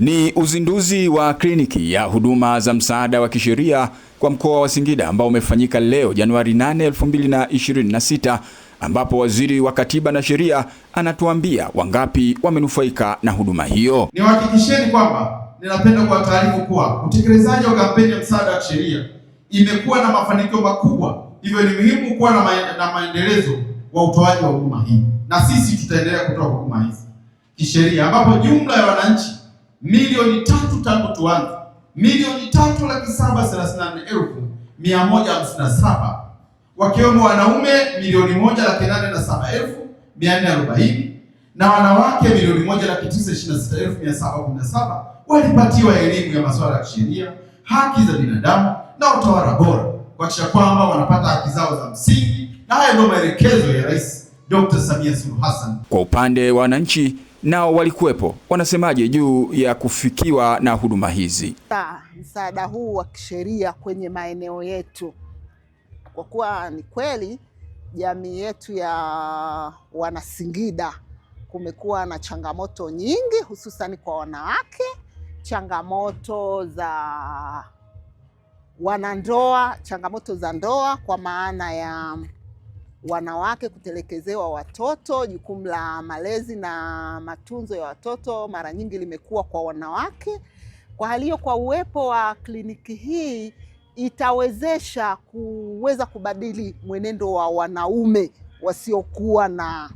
Ni uzinduzi wa kliniki ya huduma za msaada wa kisheria kwa mkoa wa Singida ambao umefanyika leo Januari 8, 2026 ambapo waziri wa Katiba na Sheria anatuambia wangapi wamenufaika na huduma hiyo. Niwahakikisheni kwamba ninapenda kuwataarifu kuwa utekelezaji wa kampeni ya msaada wa kisheria imekuwa na mafanikio makubwa, hivyo ni muhimu kuwa na, na maendelezo wa utoaji wa huduma hii, na sisi tutaendelea kutoa huduma hizi kisheria, ambapo jumla ya wananchi milioni tatu tangu tuanze, milioni tatu laki saba thelathini na nne elfu mia moja hamsini na saba wakiwemo wanaume milioni moja laki nane na saba elfu mia nne arobaini na wanawake milioni moja laki tisa ishirini na sita elfu mia saba kumi na saba walipatiwa elimu ya masuala ya kisheria, haki za binadamu na utawala bora, kuhakikisha kwamba wanapata haki zao za msingi, na haya ndio maelekezo ya Rais Dr. Samia Suluhu Hassan. Kwa upande wa wananchi nao walikuwepo, wanasemaje juu ya kufikiwa na huduma hizi, msaada huu wa kisheria kwenye maeneo yetu? Kwa kuwa ni kweli jamii yetu ya Wanasingida kumekuwa na changamoto nyingi, hususani kwa wanawake, changamoto za wanandoa, changamoto za ndoa kwa maana ya wanawake kutelekezewa watoto. Jukumu la malezi na matunzo ya watoto mara nyingi limekuwa kwa wanawake. Kwa hali hiyo, kwa uwepo wa kliniki hii itawezesha kuweza kubadili mwenendo wa wanaume wasiokuwa na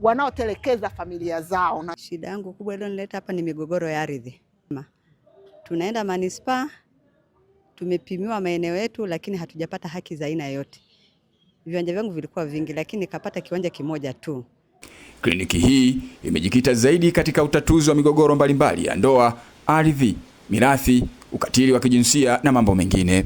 wanaotelekeza familia zao. Na shida yangu kubwa ilionileta hapa ni migogoro ya ardhi. Tunaenda manispaa, tumepimiwa maeneo yetu, lakini hatujapata haki za aina yoyote viwanja vyangu vilikuwa vingi, lakini nikapata kiwanja kimoja tu. Kliniki hii imejikita zaidi katika utatuzi wa migogoro mbalimbali ya ndoa, ardhi, mirathi, ukatili wa kijinsia na mambo mengine.